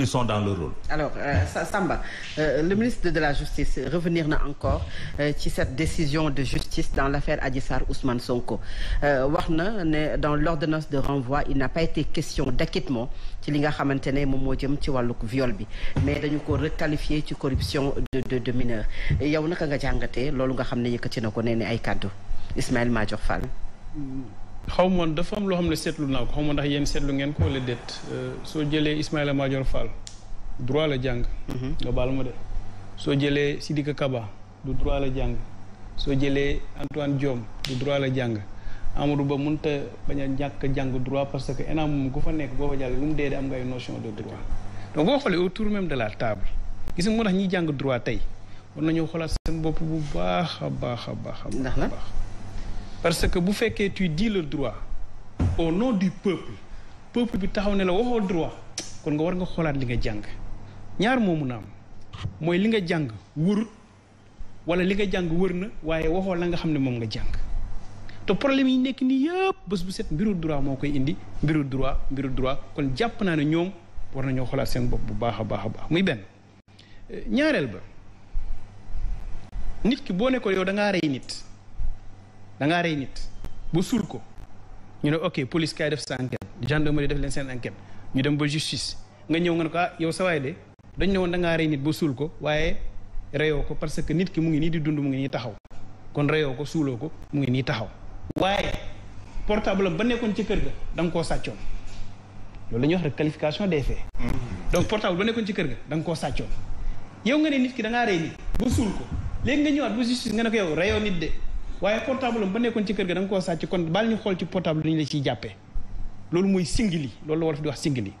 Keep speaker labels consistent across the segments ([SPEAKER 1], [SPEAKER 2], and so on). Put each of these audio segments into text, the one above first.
[SPEAKER 1] ils sont dans le rôle.
[SPEAKER 2] Alors, euh, Samba, euh, le ministre de la Justice, revenir na encore euh, cette décision de justice dans l'affaire Adissar Ousmane Sonko. Euh, Warner, dans l'ordonnance de renvoi, il n'a pas été question d'acquittement ci li nga xamantene mom mo jëm ci viol bi mais dañu ko requalifier ci corruption de de de mineur yow naka nga jàngatee loolu nga xam ne yëkkati na né nee ay cadeaux. Ismaël major Fall. Mm.
[SPEAKER 3] xawmoon dafa am loo xam ne seetlu naa ko xaw ndax yéen seetlu ngeen ko wala déet euh, soo jëlee Ismaïla Madior Fall droit la jàng. Mhm. nga baal ma de soo jëlee sidika Kaba du droit la jàng soo jëlee Antoine Diome du droit la jàng Amadou Ba mënut bañ a ñàkk jàng droit parce que ENAM moom ku fa nekk boo fa jàll lu mu dee am nga ay notion de droit donc boo xoolee autour même de la table gis nga moo tax ñuy jàng droit tey war nañoo xoolaat seen bopp bu baax a baax a baax. a baax parce que bu fekkee tu dis le droit au nom du peuple peuple bi taxaw ne la waxoo droit kon nga war nga xoolaat li nga jàng ñaar moomu naam mooy li nga jàng wërut wala li nga jàng wër na waaye waxoo la nga xam ne moom nga jàng te problème yi nekk nii yëpp bés bu set mbiru droit moo koy indi mbiru droit mbiru droit kon jàpp naa ne ñoom war nañoo xoolaat seen bopp bu baax a baax a baax muy benn ñaareel ba nit ki boo ne ko yow da ngaa rey nit da ngaa rey nit ba suul ko ñu ne ok police kaay def sa enquête gendarmerie def leen seen enquête ñu dem ba justice nga ñëw nga ne ko ah yow sa waay de dañ ne woon da ngaa rey nit ba suul ko waaye reyoo ko parce que nit ki mu ngi nii di dund mu ngi nii taxaw kon reyoo ko suuloo ko mu ngi nii taxaw waaye portable am ba nekkoon ci kër ga da nga koo loolu ñuy wax rek qualification des faits mm-hmm. donc portable ba nekkoon ci kër ga da nga koo sàccoon yow nga nit ki da ngaa rey nit ba suul ko léegi nga ñëwaat ba justice nga ne ko yow reyoo nit de waaye portable ba nekkoon ci kër ga da nga koo sàcc kon bal ñu xool ci portable dañu la ciy jàppee loolu mooy singili loolu la wolof di wax singili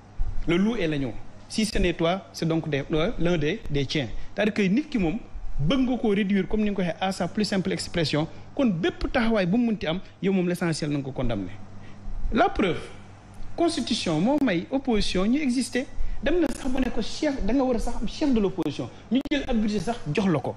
[SPEAKER 3] le loup et l'agneau si ce n'est toi c'est donc des euh, l'un des des tiens c'est-à-dire que nit ki moom bëgg nga koo réduire comme ni nga ko waxee à sa plus simple expression kon bépp taxawaay bu mu munti am yow moom l'essentiel na nga ko condamné la preuve constitution moo may opposition ñu existé dem na sax bu ne ko chef da nga war a sax am chef de l'opposition ñu jël ab budget sax jox la ko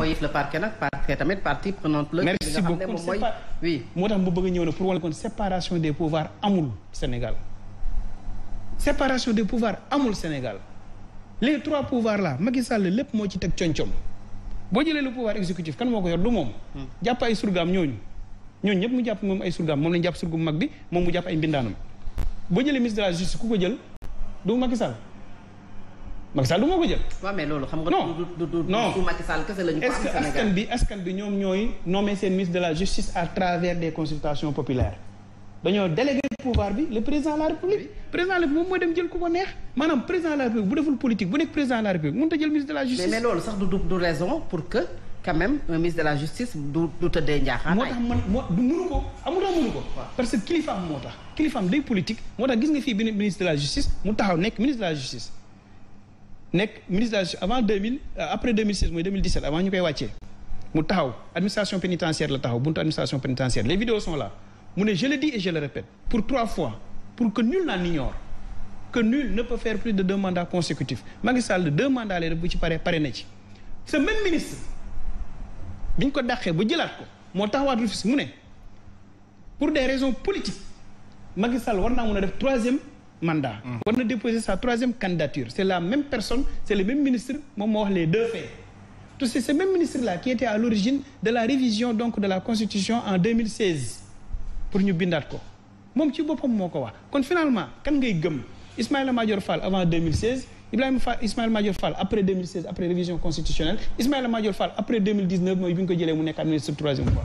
[SPEAKER 3] mooy yëf la parquet nag parquet tamit partie prenante le merci beaucoup mooy oui. motax tax mu bëgg ñëw na pour wala kon séparation des pouvoirs amul Sénégal séparation des pouvoirs amul Sénégal les trois pouvoirs là Macky Sall lepp mo ci tek coñcoom bo jëlé le pouvoir exécutif kan moko yor du mom hmm. japp ay surgam ñooñ ñooñ ñëpp mu japp mom ay surgam mom lañ japp surgu mag bi moom mu japp ay mbindaanam bo jëlé ministre de la justice ku ko jël du Macky Sall Macky Sall ko jël. wa mais loolu xam nga. non du du du du Macky Sall kese la ñu. est-ce que askan bi askan bi ñoom ñooy nommé ministre de la justice à travers des consultations populaires dañoo délégué pouvoir bi le président de la république. président de la république moom dem jël ku ko neex. maanaam président de la république bu deful politique bu nekk président de la république mënut a jël ministre de la justice. mais mais loolu sax du du raison pour que quand même un ministre de la justice du du tëddee njaaxaan. moo tax man moo du mënu ko amul tax mënu ko. parce que kilifaam moo tax. kilifaam day politique moo tax gis nga fii bi ministre de la justice mu taxaw nekk ministre de la justice nek ministre avant 2000 euh, après 2016 mooy 2017 avant ñukay koy mu taxaw administration pénitentiaire la taxaw buntu administration pénitentiaire les vidéos sont là Mune je le dis et je le répète pour trois fois pour que nul n'en ignore que nul ne peut faire plus de deux mandats consécutifs Macky Sall deux mandats lay bu ci paré paré na ci. ce même ministre biñ ko daxé bu jëlaat ko mo taxawat pour des raisons politiques Macky Sall war na def troisième mandat. On mm. a déposé sa troisième candidature C'est la même personne c'est le même ministre mais moi, les deux faits C'est ce même ministre là qui était à l'origine de la révision donc de la constitution en 2016 pour nous, bindaat ko moom ci boppam moo ko wax Quand finalement kan ngay Fall avant 2016 Ismaël Major Fall après 2016 après révision constitutionnelle Ismaël Major Fall après 2019 vous avez ñu que jëlee mu de troisième fois.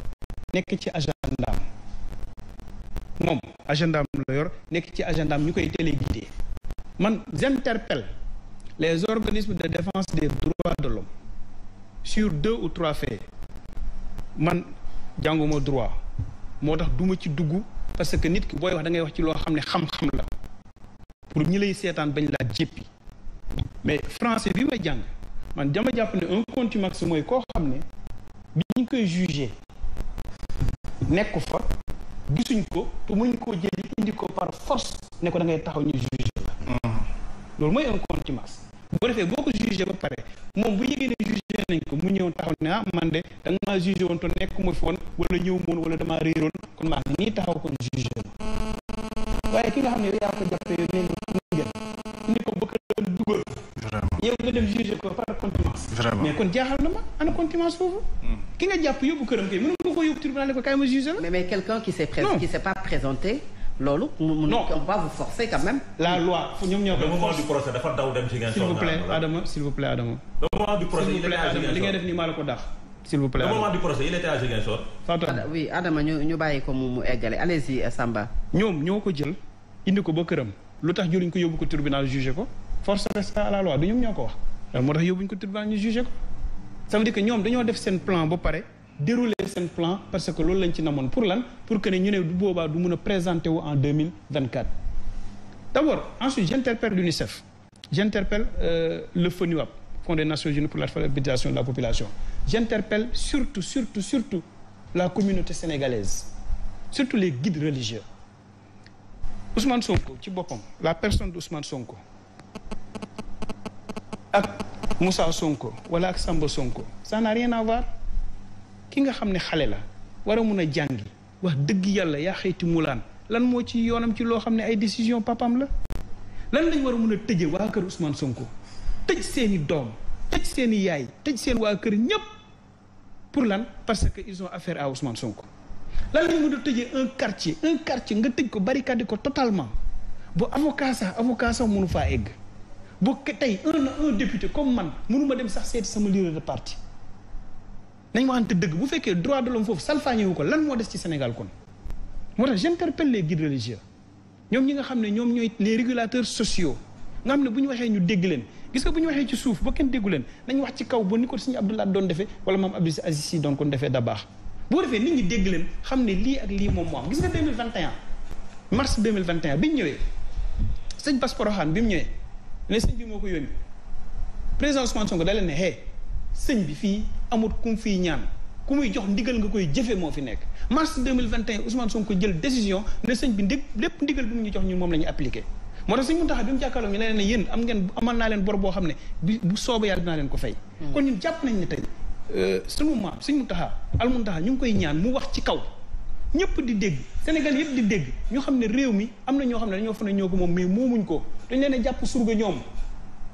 [SPEAKER 3] nek ci mom agenda yor ci man j'interpelle les organismes de défense des droits de l'homme sur deux ou trois faits man un droit ne duma ci parce que nit ki boy wax da ngay wax ci xam-xam la pour mais français bi ma man un compte maximum jugé nekku fa gisuñ ko te muñ koo jëli indi ko par force ne ko da ngay taxaw ñu jugé la mm-hmm. loolu mooy un contumace boo defee boo ko jugé ba pare moom bu yëgee ne jugé nañ ko mu ñëw taxaw ne ah man de da nga maa jugé woon te nekk mu fi ñëw moon wala damaa réeroon kon maa ngi nii taxaw ko jugé ma waaye ki nga xam ne yaa ko jàppee yow nee nga ni ko bëgg a dugal yow nga dem jugé ko par contumace mais kon jaaxal na ma ana contumace foofu mm. ki nga jàpp yóbbu këram kay ko ko tribunal ne ko kaay ma jugé mais mais quelqu'un qui s'est pré... qui s'est pas présenté.
[SPEAKER 2] loolu on va vous forcer quand même.
[SPEAKER 3] la loi ñoom ñoo koy. le moment du procès dafa daw dem ci Ziguinchor. s'il vous plaît Adama s'il vous plaît Adama. le moment du procès il était à Ziguinchor li ngay def nii maa la s'il vous plaît le moment du
[SPEAKER 1] procès il était à Ziguinchor.
[SPEAKER 2] Fatou oui Adama ñu ñu bàyyi ko mu égalé allez-y euh, Samba.
[SPEAKER 3] ñom ñoko jël indi ko ba kërëm lutax tax ko yóbbu ko tribunal juger ko force reste à la loi du ñom ñoko wax. motax tax yóbbuñ ko tribunal ñu juger ko ça veut dire que ñom dañoo def sen plan ba paré dérouler ce plan parce que l'on lañ ci namoon pour lan pour que ñu ne du en 2024 D'abord, ensuite j'interpelle l'UNICEF j'interpelle euh, le FONUAP Fonds des Nations Unies pour l'alphabétisation de la population j'interpelle surtout surtout surtout la communauté sénégalaise surtout les guides religieux Ousmane Sonko ci la personne d'Ousmane Sonko Moussa Sonko wala ak Sonko ça n'a rien à voir ki nga xamne ne la wara mëna jangi wax dëgg yalla ya xeyti mulan lan mo ci yonam ci lo xamne ne ay décision papam la lan lañ wara mëna tejje wa tëje kër Ousmane Sonko tëj seeni dom tëj seeni yaay tëj seen wa kër ñep pour lan parce que ils ont affaire à Ousmane Sonko lan lañ mëna tejje un quartier un quartier nga tëj ko barricade ko totalement bu avocat sax avocat sax mënu fa egg bu tay un un député comme man mënuma dem sax seeti sama leader de parti nañ waxante dëgg bu fekkee droit de l'homme foofu salfaañe wu ko lan moo des ci Sénégal kon moo tax j'interpelle les guides religieux ñoom ñi nga xam ne ñoom ñooy les régulateurs sociaux nga xam ne bu ñu waxee ñu dégg leen gis nga bu ñu waxee ci suuf ba kenn déggu leen nañ wax ci kaw ba ni ko suñu Abdoulaye doon defee wala maam Abdou Aziz Sy doon kon defee da baax boo defee nit ñi dégg leen xam ne lii ak lii moom moo am gis nga 2021 mars 2021 bi ñu ñëwee sëñ Bass Porokhane bi mu ñëwee ne sëñ moo ko yónni président Ousmane Sonko da leen sëñ bi fii amut kum fii ñaan ku muy jox ndigal nga koy jëfe moo fi nekk mars 2021 Ousmane ko jël décision ne sëñ bi ndig lépp ndigal bi mu ñu jox ñun moom la ñu moo tax sëñ Mountakha bi mu jàkkaarloo ñu ne ne yéen am ngeen amal naa leen bor boo xam ne bi bu soobee yàlla dinaa leen ko hmm. ñun jàpp nañ ne tey euh, sunu maam sëñ Mountakha al Mountakha ñu ngi koy ñaan mu wax ci kaw ñëpp di dégg Sénégal yëpp di dégg ñu xam ne réew mi am na ñoo xam ne dañoo fa ne ñoo ko moom mais moomuñ ko dañ leen jàpp surga ñoom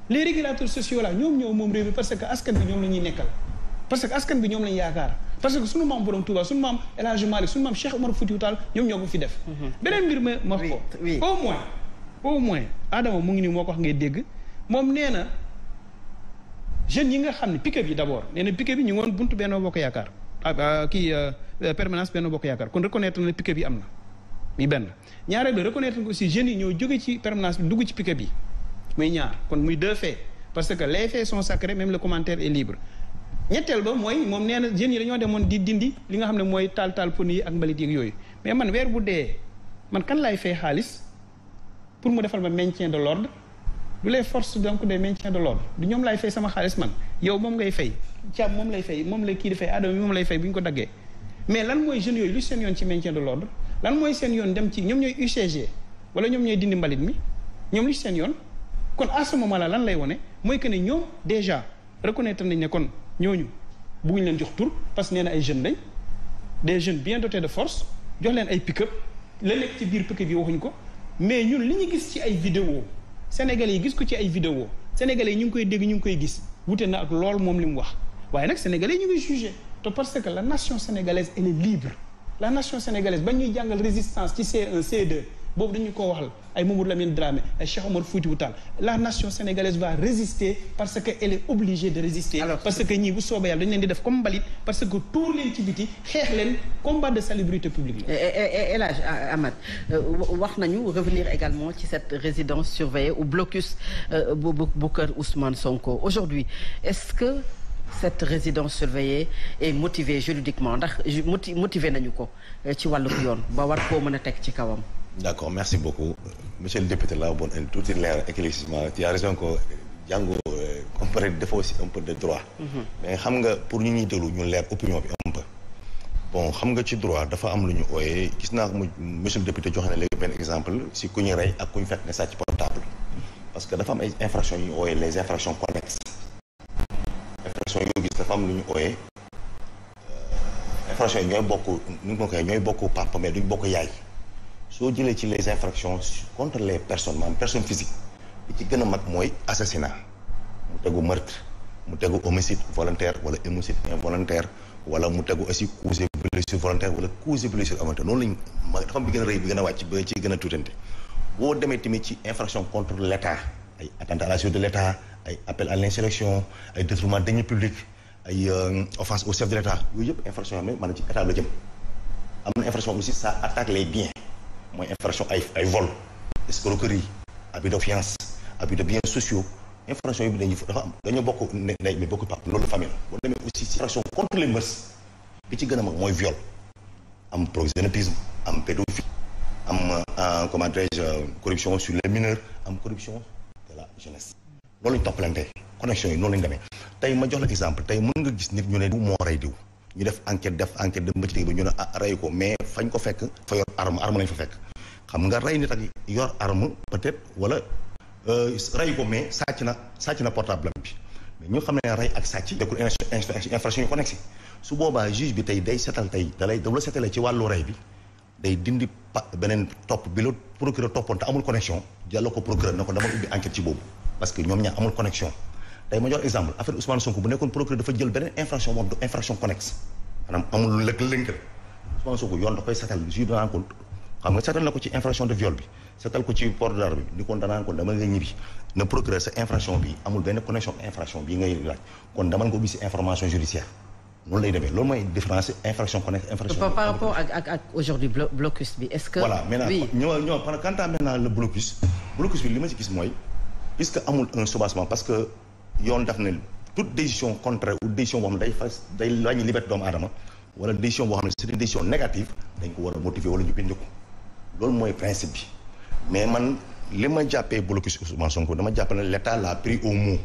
[SPEAKER 3] les régulateurs sociaux là ñoom ñoo moom réew mi parce que askan bi ñoom la ñuy nekkal parce que askan bi ñoom lañ yaakaar parce que suñu maam borom Touba suñu maam El Hadj Malick suñu maam Cheikh Omar Foutiyou Tall ñoom ñoo fi def mhm. beneen mbir ma ma ko au moins au moins Adama mu ngi nii moo wax ngay dégg moom nee na jeunes yi nga xam ne pick-up yi d' abord ñu ngi buntu Benno Bokk Yaakaar ki ah, ah, kii euh, permanence Benno Bokk Yaakaar kon reconnaître na pick-up yi am na mi benn ñaareel bi reconnaître aussi jeunes yi ñoo jóge ci permanence bi dugg ci pick-up muy ñaar kon muy deux faits parce que les faits sont sacrés même le commentaire est libre ñettel ba moy mom nee na yi dañoo demone di dindi li nga xam ne tal tal taal pneu yi ak mbalit mais man weer bu dé man kan lay fay xaliss pour mu défal ma maintien de l'ordre du les forces donc des maintien de l'ordre du ñom lay fay sama xaliss man yow mom ngay fay caab mom lay fay mom la ki di fay aadama bi lay fay buñ ko daggee mais lan moy jeune yoy lu seen yon ci maintien de l'ordre lan moy seen yon dem ci ñom ñoy UCG wala ñom ñoy dindi mbalit mi ñom lu seen yon kon à ce moment là lan lay woné moy que ne ñoom déjà reconnaître nañ né kon ñooñu bugguñ leen jox tour parce que na ay jeunes lañ des jeunes bien dotés de force jox leen ay pick-up la nekk ci biir pick-up yi waxuñ ko mais ñun li ñu gis ci ay vidéo sénégalais yi gis ko ci ay vidéo sénégalais yi ñu ngi koy dégg ñu ngi koy gis wuté na ak lool mom li wax waaye nag sénégalais ñu ngi jugé te parce que la nation sénégalaise elle est libre la nation sénégalaise ba ñuy jàngal résistance ci C1 C2 boobu dañu ko waxal la nation sénégalaise va résister parce qu'elle est obligée de résister parce que tous les soobee yàlla dañu leen di parce que tous les ci biti combat de salubrité publique
[SPEAKER 2] Et là, là, Amad wax nañu revenir également sur cette résidence surveillée ou blocus euh, bu Ousmane Sonko aujourd'hui est-ce que cette résidence surveillée est motivée juridiquement ndax motivé nañu ko euh, ci
[SPEAKER 1] D'accord, merci beaucoup. monsieur le député laa bon un tuuti leer éclaircissement tu as raison que jàngu comparé euh, dafa aussi un de droit mm-hmm. mais xam nga pour ñu ñuy déglu ñu leer opinion bi un bon xam nga ci droit dafa am lu ñu ooyee gis naa ko monsieur le député joxe na léegi benn exemple si ku ñu rey ak ku ñu fekk ne sàcc portable parce que dafa am ay infractions yu ñu ooyee les infractions connexes infractions yoo gis dafa am lu ñu ooyee euh, infractions yi ñooy bokk nu ñu ko koy ñooy bokk papa mais bokk yaay soo jëlee ci les infractions contre les personnes maanaam personne physique li ci gën a mag mooy assassinat mu tegu meurtre mu tegu homicide volontaire wala homicide involontaire wala mu tegu aussi cause de blessure volontaire wala cause de blessure involontaire noonu lañ ma dafa bi gën a rëy bi gën a wàcc ba ci gën a tuutante boo demee tamit ci infraction contre l' état ay attentat à de l' état ay appel à l' insurrection ay détournement de deniers publics ay euh, offense yëpp infraction yoo xam ci état la jëm am na infraction aussi ça mooy infraction ay ay vol escroquerie abus de fiance abus de biens sociaux infraction yi dañuy dafa am dañoo bokk ne mais bokk pap loolu famille la boo demee aussi si infraction contre les bi ci gën a mag mooy viol am proxénétisme am pédophilie am euh, euh, comment dirais-je corruption sur les am corruption de la jeunesse loolu lañu toppalante connexion yi noonu lañu demee tey ma jox la exemple tey mën nga gis nit ñu ne diw moo rey diw ñu def enquête def enquête de mbëccëg bi ñu ne ah rey ko mais fañ ko fekk fa yor arme arme lañ fa fekk xam nga rey nit ak yor arme peut-être wala euh, rey ko mais sàcc na sàcc na portable bi mais ñu xam ne rey ak sàcc nekkul infraction yu connexes su boobaa juge bi tey day seetal tey dalay da la setalee ci wàllu rey bi day dindi beneen topp bi la procureur toppoon te amul connexion jàll ko procureur na ko dama ubbi enquête ci boobu que ñoom ñaa amul connexion day ma jox exemple affaire Ousmane Sonko bu nekkoon procureur dafa jël beneen infraction moom infraction connexe maanaam amul lëkk lënk Ousmane Sonko yoon da koy satal ju danaan rencontre xam nga satal na ko ci infraction de viol bi satal ko ci port d'arme bi ni kon danaan ko dama nga ñibbi na procureur sa infraction bi amul benn connexion infraction bi ngay laaj kon dama nga ubbi si information judiciaire noonu lay demee loolu mooy différence infraction connexe infraction par rapport
[SPEAKER 2] ak ak ak aujourd'hui blocus bi est-ce que voilà maintenant
[SPEAKER 1] ñoo ñoo quant à maintenant le blocus blocus bi li ma ci gis mooy est-ce que amul un soubassement parce que yone daf toute décision contraire ou décision boo xam day fas day wàññi liberté doomu aadama wala décision bo xam c'est une décision négative dañ ko wara motiver wala ñu bind ko loolu principe bi mais man lima jappé jàppee blocus Ousmane Sonko dama jappé ne l'état l'a pris au mot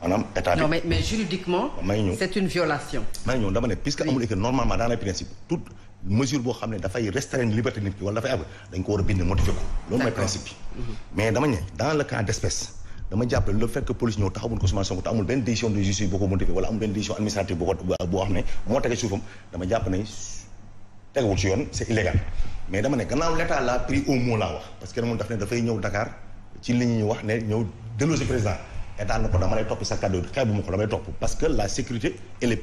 [SPEAKER 1] maanaam état non mais mais
[SPEAKER 2] juridiquement.
[SPEAKER 1] c'est une violation. may ñu dama né puisque amul que normalement dans les principes tout. mesure boo xam ne dafay restreindre liberté nit ki wala dafay am dañ ko war a bind motivé ko loolu mooy principe bi mhm. mais dama ne dans le cas d' dama jàpp que ne moo tege suufam dama jàpp ne tegewul ci yoon c' illégal mais dama ne gannaaw l' état la pris au mot laa wax parce que moom daf ne dafay ñëw Dakar ci li ñuy wax ne ñëw déloger président état na ko dama lay topp sa kàddu xeebu ma ko dama lay topp parce que la sécurité elle est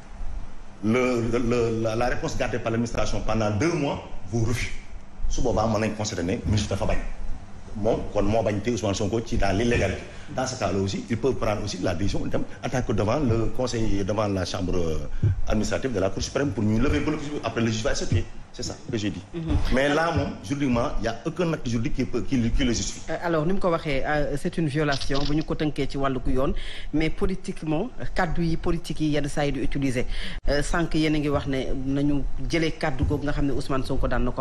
[SPEAKER 1] la, réponse gardée par l'administration pendant deux mois vous refuse su boobaa mën conseiller, considérer ne ministre dafa bañ quand kon moo bañ te Ousmane Sonko ci dans l'illégalité dans ce cas là aussi il peut prendre aussi la décision tant que devant le conseil devant la chambre euh, administrative de la Cour suprême pour nous lever blocus après le juge c'est ça que j'ai dit. Mhm. Mais là, il n'y a aucun acte juridique qui, le justifie.
[SPEAKER 2] Euh, alors, nous que euh, c'est une violation. Nous mais politiquement, cadre politique, il euh, y a des Sans que nous avons cadres nous Ousmane Sonko dans nos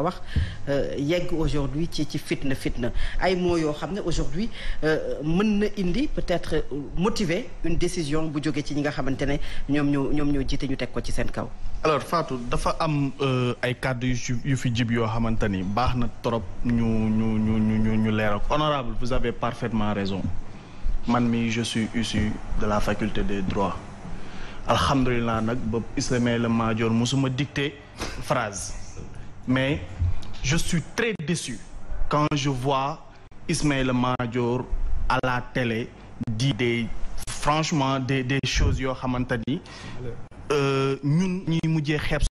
[SPEAKER 2] il y a aujourd'hui qui fitne fitne. aujourd'hui, peut-être motiver une décision pour nous avons
[SPEAKER 3] alors Fatou dafa am euh, ay kàddu yu yu fi djib yo xamantani baxna trop ñu ñu ñu ñu ñu leeral ko honorable vous avez parfaitement raison man mi je suis issu de la faculté des droits alhamdoulillah nak ba Ismaïla Madior musuma dicter phrase mais je suis très déçu quand je vois Ismaël Madior à la télé dire des
[SPEAKER 1] franchement des des choses yo xamantani ñun ñuy mujjee xeeb